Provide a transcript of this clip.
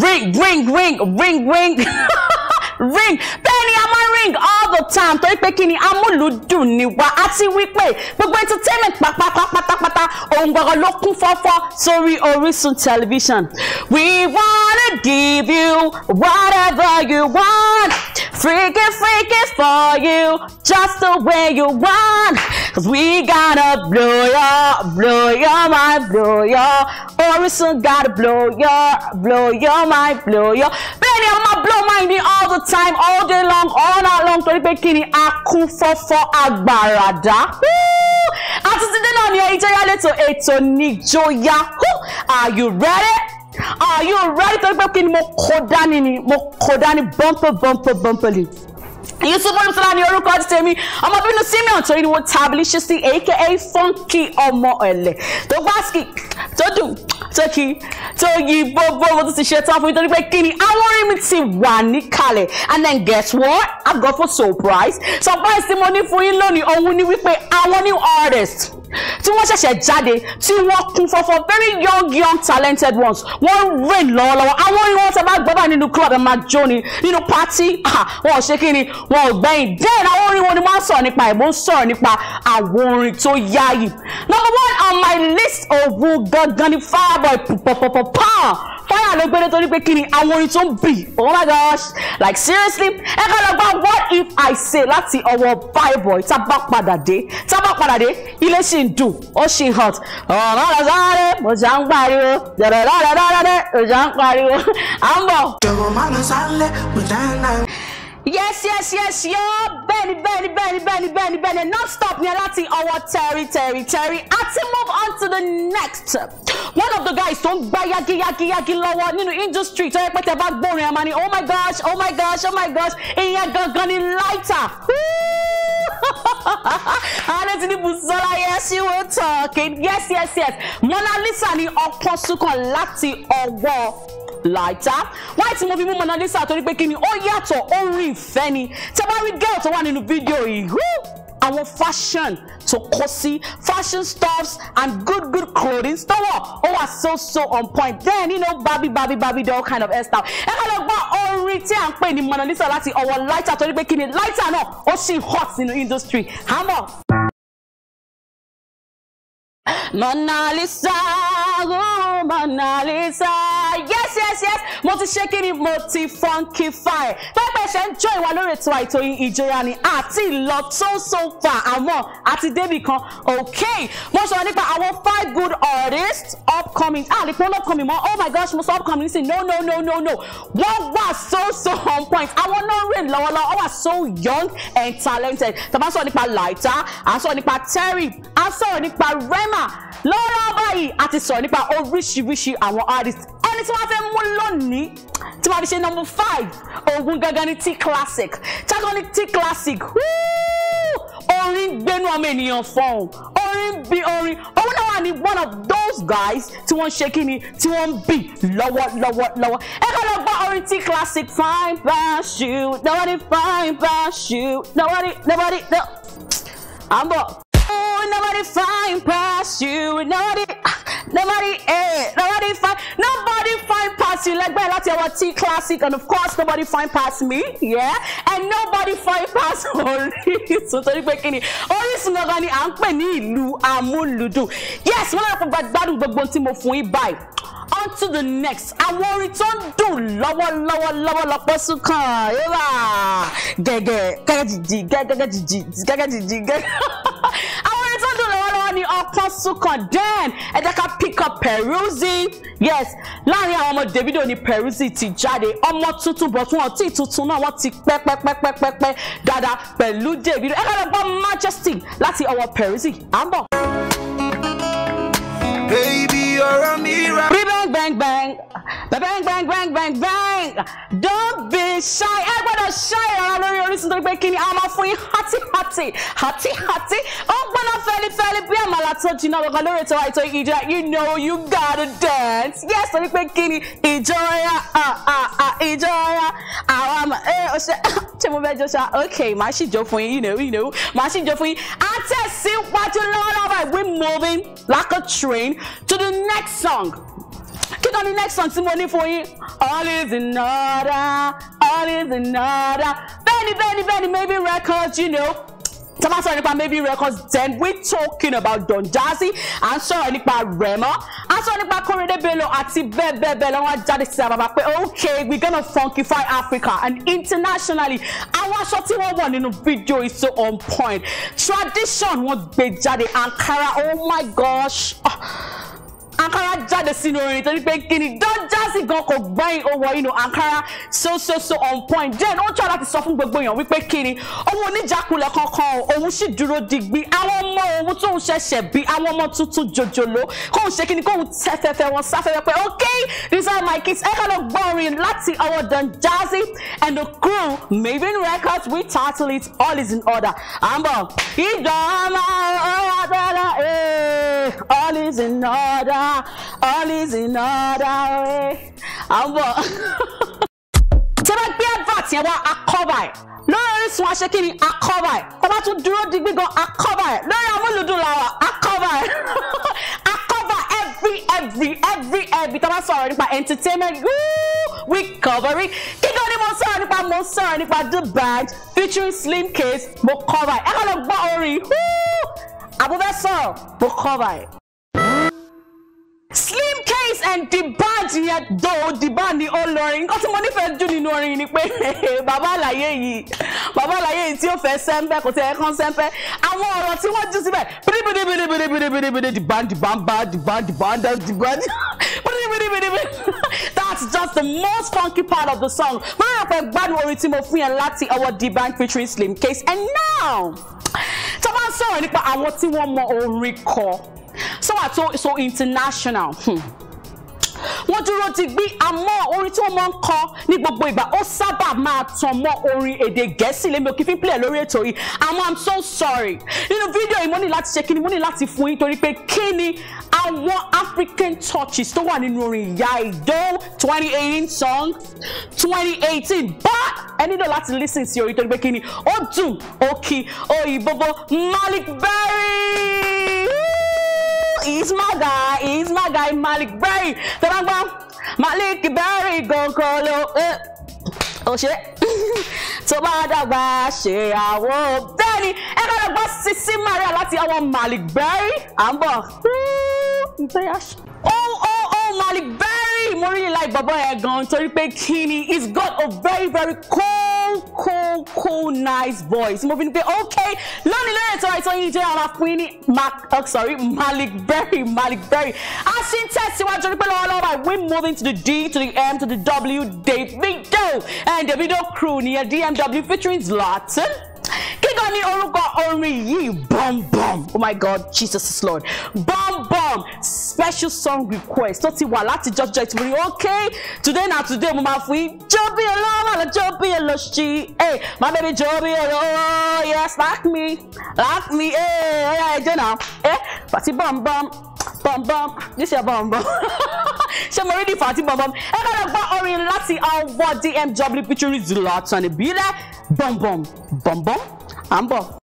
ring ring ring ring ring ring bẹ́ẹ̀ ni a máa ń ring all the time torí pé kí ni amúlùúdùn ni wá àti wípé gbogbo entertainment pátápátápátá ohun gbọ́ngàn ló kún fọ́fọ́ sórí Orísun television we wanna give you whatever you want freaky freaky for you just the way you want. Cause we gotta blow your, blow your mind, blow your horizon, gotta blow your, blow your mind, blow your. Benny, I'ma ọmọ blow mind ni all the time, all day long, all night long, torí pé kí ni a kún fọ́fọ́ agbàràdá. Àti ti dé náà ni ìjọyà lẹ́tọ̀ ètò Are you ready? Are you ready? Torí pé kí mo kó ni, mo kó bumper bumper bumper leaf yusuf olùsọlá ni orúkọ ti tèmi ọmọ bínú simeon torí ni wọn tábìlì ṣe sí aka funky ọmọ ẹlẹ tó gbásíkì tó dùn tó kí tó yí gbogbo mo tún ti ṣe tán fún yín torí pé kí ni àwọn orin mi ti wà níkàlẹ̀ and then guess what i've got for surprise surprise tí mo ní fún yín lónìí òun ni wípé àwọn new artist tí wọ́n ṣẹ̀ṣẹ̀ jáde tí wọ́n kún fọ́fọ́ very young young talented ones wọ́n rìn lọ́wọ́lọ́wọ́ àwọn orin wọn tẹ́ bá gbọ́ bá nínú club ẹ̀ máa jó ni nínú party ah, wọn ò ṣe kí ni wọn ò gbẹ̀yìn then àwọn orin wọn ni wọ́n sọ̀rọ̀ nípa ẹ̀ mo ń sọ̀rọ̀ nípa àwọn orin tó yáyì number one on my list òun gangan ni fireboy pọpọpọpọ fire ló gbé nítorí pé kí ni àwọn orin tó ń bì oh my gosh like seriously ẹ kọ́ lọ gbọ́ what if I say láti ọwọ́ fireboy tá a bá padà dé tá a padà dé ilé sì ń dùn ó sì hot ọ̀rọ̀ rẹ̀ sáré mo ṣà ń pariwo jẹ̀rẹ̀ rárẹ̀ rárẹ̀ mo ṣà ń pariwo à ń bọ̀. jọ̀wọ́ má lọ sálẹ̀ kò dáná yes yes yes yo bẹ́ẹ̀ni bẹ́ẹ̀ni bẹ́ẹ̀ni bẹ́ẹ̀ni bẹ́ẹ̀ni bẹ́ẹ̀ni non stop ni láti ọwọ́ tẹrí tẹrí tẹrí àti move on to the next one of the guys tó ń gbá yagiyagiyagi lọ́wọ́ nínú industry tó yẹ pé tẹ́ bá gbórin ẹ̀ máa ní oh my gosh oh my gosh oh my gosh ìyẹn gangan ni lighter. Woo! Adétúndé Bùsọ́lá yes you were talking yes yes yes Mona Lisa ni ọkàn súnkàn láti ọwọ́ láìta wáyé tí mo fi mú Mona Lisa torí pé kí ni ó yàtọ̀ ó rí ìfẹ́ ni tẹ́ bá rí girl tó wà nínú fídíò yìí àwọn fashion tó kó fashion stuffs and good good clothing store. Oh, ó so so on point then you know babi babi babi doll kind of hairstyle And ká lọ gbọ́ orin tí à ń pè ní Mona Lisa láti ọwọ́ lighter torí pé kí ni lighter náà ó sì hot nínú industry hammer. Mona Lisa, oh Mona Lisa yes yes mo ti ṣe kí ni mo ti funky fire. pẹ́pẹ́ ṣe ń jó ìwà lórí ètò àìtó ìjọra ni àti ìlọ tó so far àmọ́ àti débì kan ok mo sọ̀rọ̀ nípa àwọn five good artists upcoming ah nípa olókùnrin mọ́ oh my gosh mo sọ upcoming sí no no no no no wọ́n wà so so on point àwọn náà rìn lọ́wọ́lọ́wọ́ wọ́n wà so young and talented tàbá sọ̀rọ̀ nípa Laita à ń sọ̀rọ̀ nípa Terry à ń sọ̀rọ̀ nípa Rema lọ́wọ́lọ́wọ́ báyìí a ti sọ̀rọ̀ nípa oríṣiríṣi àwọn artists ní tí wọ́n fẹ́ mú lónìí tí wọ́n fi ṣe number five ogun gangan ní T classic ṣáàkọ́ ní T classic orin gbénú ọmọ ènìyàn fọ́ọ̀n orin bí orin òun náà wà ní one of those guys tí wọ́n ń ṣe kí ni tí wọ́n ń bì lọ́wọ́ lọ́wọ́ lọ́wọ́ ẹ kọ́ lọ gbọ́ orin T classic fine pass you nobody fine pass you nobody nobody no. à ń nobody fine pass you nobody. Nobody, eh, nobody find, nobody find past you. like Lẹ́gbẹ́ that's your T classic and of course nobody find past me, yeah. And nobody find past Orísun torí pé kí ni Orísun gangan ni à ń pè ní ìlú amúlùdùn. Yes, wọ́n lọ́pọ̀ gbàgbádùn gbogbo tí mo fún yín báyìí on to the next àwọn orin tó ń dùn lọ́wọ́lọ́wọ́ lọ́wọ́lọ́pọ̀ sún kàn yóò gẹ́gẹ́ gẹ́gẹ́ jìjì gẹ́gẹ́ jìjì gẹ́gẹ́ jìjì gẹ́gẹ́ ni Ọ̀tọ́sùn condemn ẹ jẹ́ ká pick up Peruzzi yes láàrin àwọn ọmọ Davido ni Peruzzi ti jáde ọmọ tuntun bọ̀ fún ọtí tuntun náà wọ́n ti pẹ́pẹ́pẹ́pẹ́pẹ́ dáadáa pẹ̀lú Davido ẹ ká lọ gbọ́ Majesty láti ọwọ́ Peruzzi à Baby, you're a mirror. Bang, bang, bang. Bang, bang, bang, bang, bang. Don't be shy. Ẹ gbọ́dọ̀ shy ọ̀rọ̀ lórí Orísun torí pé kí ni a máa fún yín hati hati hati hati. Ó gbọ́dọ̀ fẹ́lifẹ́li bí àmàlà tó jiná gbọ̀ngàn lórí ètò àìtó ìjà you know you gotta dance. Yes, torí pé kí ni ìjọra ah, ah, ah, ìjọra àwọn àmà ẹ̀ ọ̀ṣẹ́. Eh, ṣé mo fẹ́ jó ṣá ok màá sì jó fún yín you know you know màá sì jó fún yín àtẹ̀síwájú lọ́wọ́lọ́wọ́ we moving like a train to the next song kí ló ní next song tí mo ní fún yín all is in order all is in order bẹ́ẹ̀ni bẹ́ẹ̀ni bẹ́ẹ̀ni maybe records you know tọ́ba sọ̀rọ̀ nípa maybe records then we talking about Don Jazzy à ń sọ̀rọ̀ nípa Remo à ń sọ̀rọ̀ nípa Korede Bello àti bẹ́ẹ̀ bẹ́ẹ̀ bẹ́ẹ̀ lọ́wọ́ jáde sí àbàbà pé okay we gonna funkify Africa and internationally àwọn aṣọ tí wọ́n wọ̀ nínú fídíò is so on point tradition wọ́n gbé jáde Ankara oh my gosh ah, Ankara jáde sínú orin torí pé kí ni Don Jazzy. Mercy gan kò gbẹ́yìn owó inú Ankara so so so on point then ó ń tọ́ láti sọ fún gbogbo èèyàn wípé kíni òun oníjàkulẹ̀ kankan òun sì dúró digbí àwọn ọmọ òun tóun ṣẹ̀ṣẹ̀ bí àwọn ọmọ tuntun jòjòló kóun ṣe kíni kóun tẹ́fẹ́fẹ́ wọn sáfẹ́fẹ́ pé okay these are my kids ẹ kàn lọ gbọ́rin láti ọwọ́ Don Jazzy and the crew Mavin Records we title it all is in order àmbọ̀ ìdánwò ọwọ́ dára eh, all is in order all is in order. Eh à ń bọ̀ tí a bá gbé advert yẹn wá akọ́bà ẹ̀ lórí Orísun aṣekínni akọ́bà ẹ̀ tó bá tún dúró di gbígan akọ́bà ẹ̀ lórí amúlùdùn làwà akọ́bà ẹ̀ akọ́bà every every every every tó bá sọ̀rọ̀ nípa entertainment we cover it kíkan ni mo sọ̀rọ̀ nípa mo sọ̀rọ̀ nípa the band featuring Slim Case mo cover ẹ̀ ẹ̀ kọ́ lè gbọ́ orin abúfẹ́ sọ̀rọ̀ mo cover Ace and D'banj yẹn dò D'banj ni ó lọrin nǹkan tí mo nífẹ̀ẹ́ jù nínú orin ni pé bàbá àlàyé yìí bàbá àlàyé yìí tí ó fẹ́ sẹ́ńpẹ́ kò tẹ́ ẹ kán sẹ́ńpẹ́ àwọn ọ̀rọ̀ tí wọ́n jù síbẹ̀ bidibidibidibidibidibidi D'banj D'banj bá D'banj D'banj D'banj bidibidibidibidi that's just the most funky part of the song. Mo rẹ̀ pé gbádùn orin tí mo fún yẹn láti ọwọ́ D'banj featuring Slimcase and now tó bá ń sọ̀rọ̀ nípa àwọn tí wọ́n mọ orin kọ sọ́wọ́ àti so international. Hmm wọ́n dúró ti gbí àmọ́ orin tí wọ́n máa ń kọ ní gbogbo ìgbà ó sábà máa tàn mọ́ orin èdè gẹ̀ẹ́sì lèmi ò kí fi ń play lórí ètò yìí àmọ́ i'm so sorry nínú fídíò yìí mo ní láti ṣe kí ni mo ní láti fún yín torí pé kí ni àwọn african touches tó wà nínú orin ìyá ìdó twenty song 2018. eighteen bá ẹ nílò láti listen sí orin torí pé kí ni ó dùn ó kí òyìnbóbó Malik Berry he's my guy, he's my guy, Malik Berry. Tó bá Malik Berry gòkò ló ò ṣe tó bá dàgbà ṣèyàwó bẹ́ẹ̀ ni ẹ bá lọ gbọ́ Sisi Maria láti ọwọ́ Malik Berry à ń bọ̀ ó ó ó Malik Berry mo rí ní láì bọ̀bọ̀ ẹ̀ gan torí pé kí ni he's got a very very cool cool cool nice voice mo fi ni pé okay lónìí lórí ètò àìsàn yìí jẹ́ ara fún yín ní oh, sorry Malik Berry Malik Berry a ṣì ń tẹ̀síwájú pé lọ́wọ́lọ́wọ́ I win moving to the D to the M to the W Davido and Davido crew nìyẹn DMW featuring Zlatan kíkan ní orúkọ orin yìí bọ́m bọ́m oh my god Jesus is Lord bọ́m bọ́m special song request tó ti wà láti jọjọ ìtumọ̀ ní ok today na today mo máa fún yín jó bí olówó lọ jó bí olóṣì ẹ my baby jó bí olówó yes like me like me ẹ ẹ ẹ jẹ́ náà ẹ pàtí bọ́m̀bọ́m bọ́m̀bọ́m this your bọ́m̀bọ́m ṣé mo rí ní pàtí bọ́m̀bọ́m ẹ ká lọ gbọ́ orin láti ọwọ́ DMW Peter Zulatan ìbílẹ̀ bọ́m̀bọ́m bọ́m̀bọ́m à ń bọ̀.